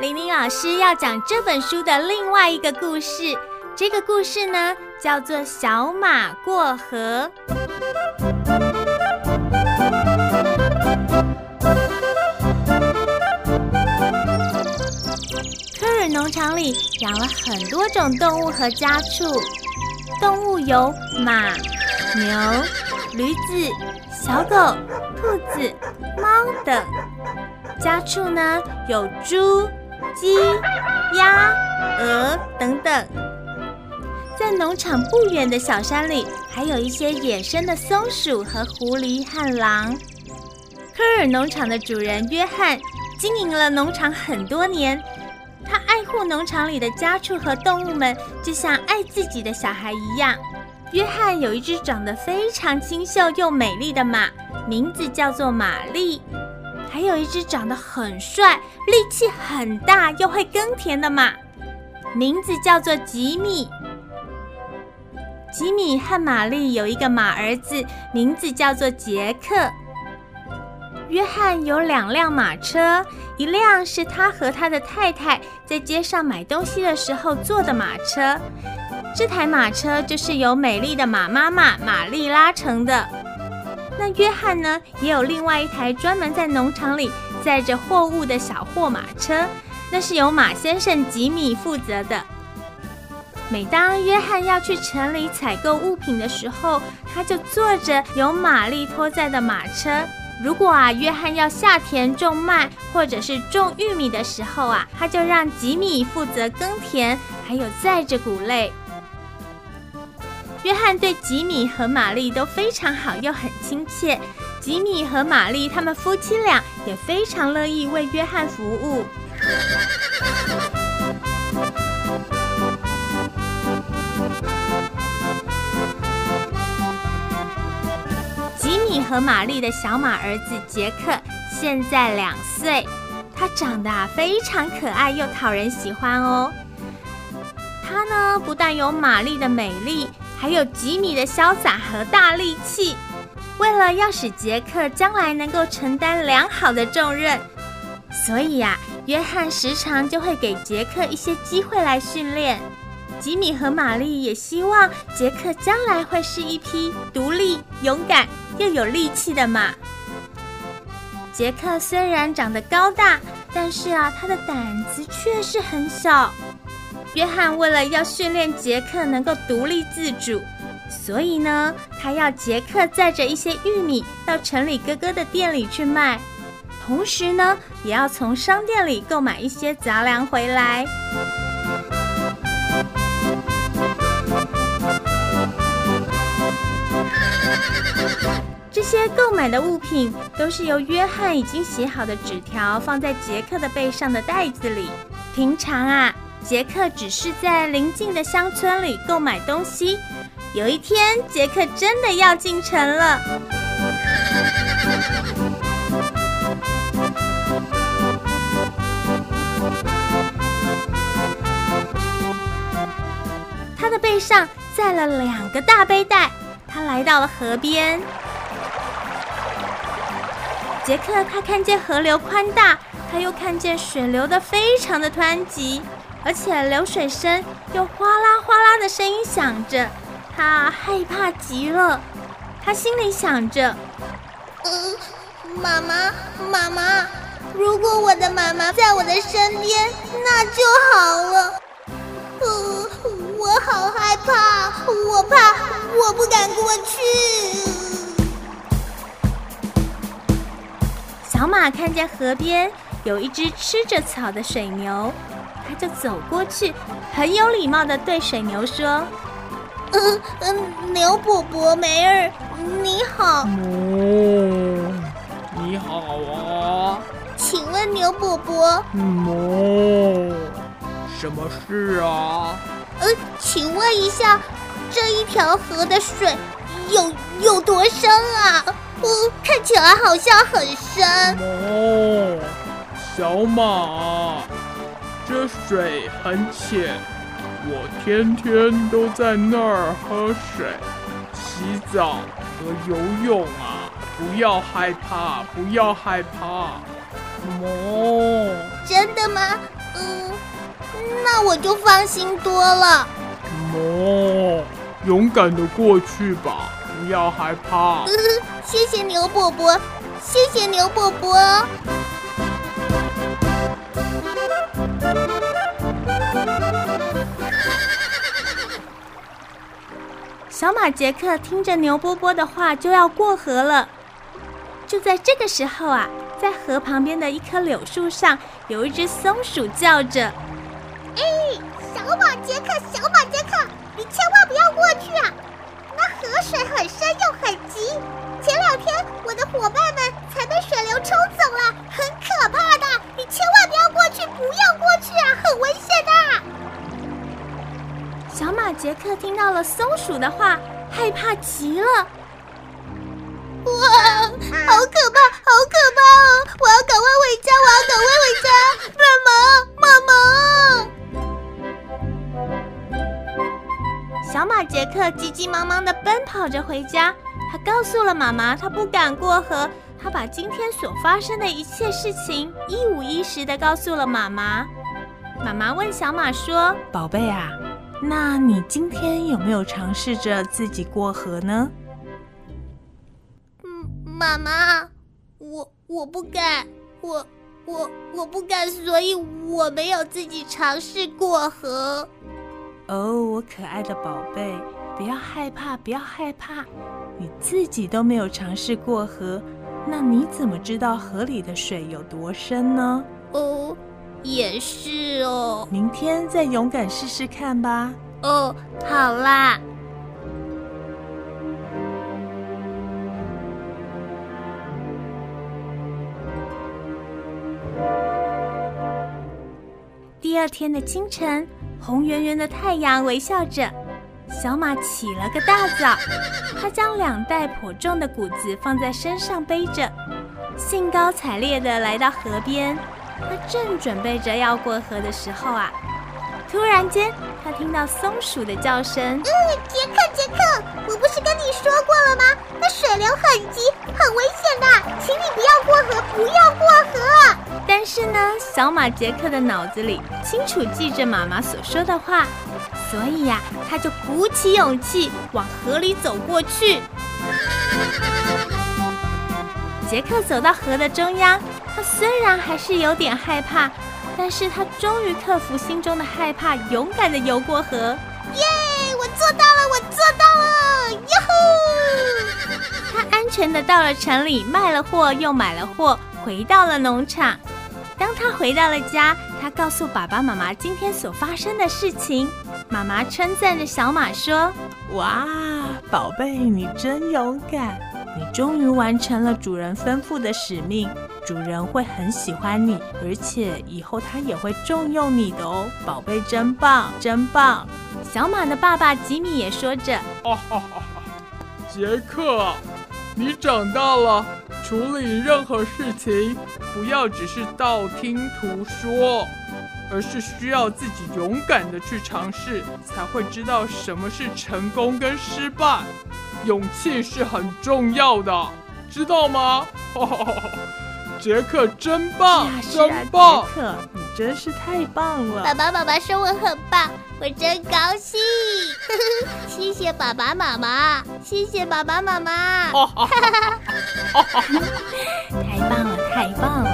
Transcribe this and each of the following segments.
琳琳老師要講這本書的另外一個故事，這個故事呢叫做《小馬過河》。科爾農場裡養了很多種動物和家畜，動物有馬、牛、驢子、小狗、兔子、貓等；家畜呢有豬。雞、鴨、鵝等等，在農場不遠的小山裡，還有一些野生的松鼠和狐狸和狼。科爾農場的主人約翰經營了農場很多年，他愛護農場裡的家畜和動物們，就像愛自己的小孩一樣。約翰有一隻長得非常清秀又美麗的馬，名字叫做瑪麗。還有一隻長得很帥、力氣很大又會耕田的馬，名字叫做吉米。吉米和瑪麗有一個馬兒子，名字叫做傑克。約翰有兩輛馬車，一輛是他和他的太太在街上買東西的時候坐的馬車，這台馬車就是由美麗的馬媽媽瑪麗拉成的。那約翰呢，也有另外一台專門在農場裡載着貨物的小貨馬車，那是由馬先生吉米負責的。每當約翰要去城裡採購物品的時候，他就坐着由瑪麗拖載的馬車。如果啊，約翰要下田種麥或者是種玉米的時候啊，他就讓吉米負責耕田，還有載着穀類。約翰對吉米和瑪麗都非常好，又很親切。吉米和瑪麗他們夫妻倆也非常樂意為約翰服務。吉米和瑪麗的小馬兒子傑克現在兩歲，他長得非常可愛又討人喜歡哦。他呢，不但有瑪麗的美麗。還有吉米的瀟灑和大力氣，為了要使杰克將來能夠承擔良好的重任，所以啊，約翰時常就會給杰克一些機會來訓練。吉米和瑪麗也希望杰克將來會是一匹獨立、勇敢又有力氣的馬。杰克雖然長得高大，但是啊，他的膽子確實很小。約翰為了要訓練傑克能夠獨立自主，所以呢，他要傑克載着一些玉米到城裡哥哥的店裡去賣，同時呢，也要從商店裡購買一些雜糧回來。這些購買的物品都是由約翰已經寫好的紙條放在傑克的背上的袋子裡。平常啊。傑克只是在鄰近的鄉村裡購買東西。有一天，傑克真的要進城了。他的背上載了兩個大背帶。他來到了河邊。傑克他看見河流寬大，他又看見水流得非常的湍急。而且流水聲又嘩啦嘩啦的聲音響着，他害怕極了。他心裡想着：“嗯、呃，媽媽，媽媽，如果我的媽媽在我的身邊，那就好了。”呃，我好害怕，我怕，我不敢過去。小馬看見河邊有一隻吃着草的水牛。他就走過去，很有禮貌地對水牛說：“嗯嗯、呃呃，牛伯伯，梅兒，你好。”“哦，你好啊，請問牛伯伯。”“嗯，什麼事啊？”“呃，請問一下，這一條河的水有有多深啊？哦，看起來好像很深。”“哦，小馬。”這水很淺，我天天都在那兒喝水、洗澡和游泳啊！不要害怕，不要害怕。哦，真的嗎？嗯，那我就放心多了。哦、嗯，勇敢地過去吧，不要害怕。嗯，謝謝牛伯伯，謝謝牛伯伯。小馬傑克聽着牛波波的話就要過河了，就在這個時候啊，在河旁邊的一棵柳樹上有一只松鼠叫着：“哎，小馬傑克，小馬傑克，你千萬不要過去啊！那河水很深又很急，前兩天我的夥伴們才被水流沖走了，很可怕的，你千萬不要過去，不要過去啊，很危險的。”傑克聽到了松鼠的話，害怕極了。哇，好可怕，好可怕哦！我要趕快回家，我要趕快回家。媽媽，媽媽！小馬傑克急急忙忙地奔跑着回家。他告訴了媽媽，他不敢過河。他把今天所發生的一切事情一五一十地告訴了媽媽。媽媽問小馬說：“寶貝啊。”那你今天有沒有嘗試着自己過河呢？嗯，媽媽，我我不敢，我我我不敢，所以我沒有自己嘗試過河。哦，oh, 我可愛的寶貝，不要害怕，不要害怕。你自己都沒有嘗試過河，那你怎麼知道河裡的水有多深呢？哦。Oh. 也是哦，明天再勇敢試試看吧。哦，好啦。第二天的清晨，紅圓圓的太陽微笑着，小馬起了個大早，他將兩袋頗重的穀子放在身上背着，興高采烈地來到河邊。他正準備着要過河的時候啊，突然間他聽到松鼠的叫聲：“嗯，傑克，傑克，我不是跟你說過了嗎？那水流很急，很危險的，請你不要過河，不要過河。”但是呢，小馬傑克的腦子裡清楚記着媽媽所說的話，所以呀、啊，他就鼓起勇氣往河裡走過去。傑 克走到河的中央。他雖然還是有點害怕，但是他終於克服心中的害怕，勇敢地游過河。耶！Yeah, 我做到了，我做到了！喲吼！ 他安全地到了城裡，賣了貨，又買了貨，回到了農場。當他回到了家，他告訴爸爸媽媽今天所發生的事情。媽媽稱讚着小馬說：“哇，寶貝，你真勇敢！”你終於完成了主人吩咐的使命，主人會很喜歡你，而且以後他也會重用你的哦，寶貝，真棒，真棒！小馬的爸爸吉米也說着：“啊哈哈哈哈，傑克啊，你長大了，處理任何事情，不要只是道聽途說，而是需要自己勇敢的去嘗試，才會知道什麼是成功跟失敗。”勇氣是很重要的，知道嗎？哈、哦，傑克真棒，啊、真棒！傑克，你真是太棒了！爸爸、爸爸說我很棒，我真高興！ 謝謝爸爸媽媽，謝謝爸爸媽媽！哈哈，太棒了，太棒了！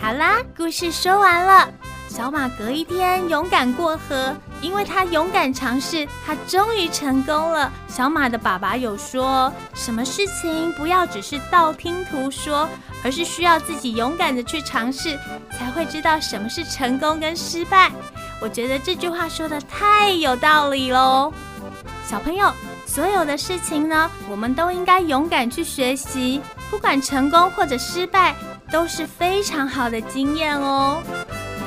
好啦，故事說完了。小馬隔一天勇敢過河，因為他勇敢嘗試，他終於成功了。小馬的爸爸有說，什麼事情不要只是道聽途說，而是需要自己勇敢的去嘗試，才會知道什麼是成功跟失敗。我覺得這句話說得太有道理嘍。小朋友，所有的事情呢，我們都應該勇敢去學習，不管成功或者失敗，都是非常好的經驗哦。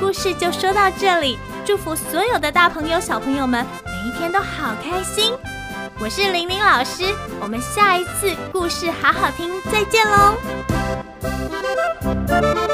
故事就說到這裡，祝福所有的大朋友、小朋友們每一天都好開心。我是玲玲老師，我們下一次故事好好聽，再見嘍。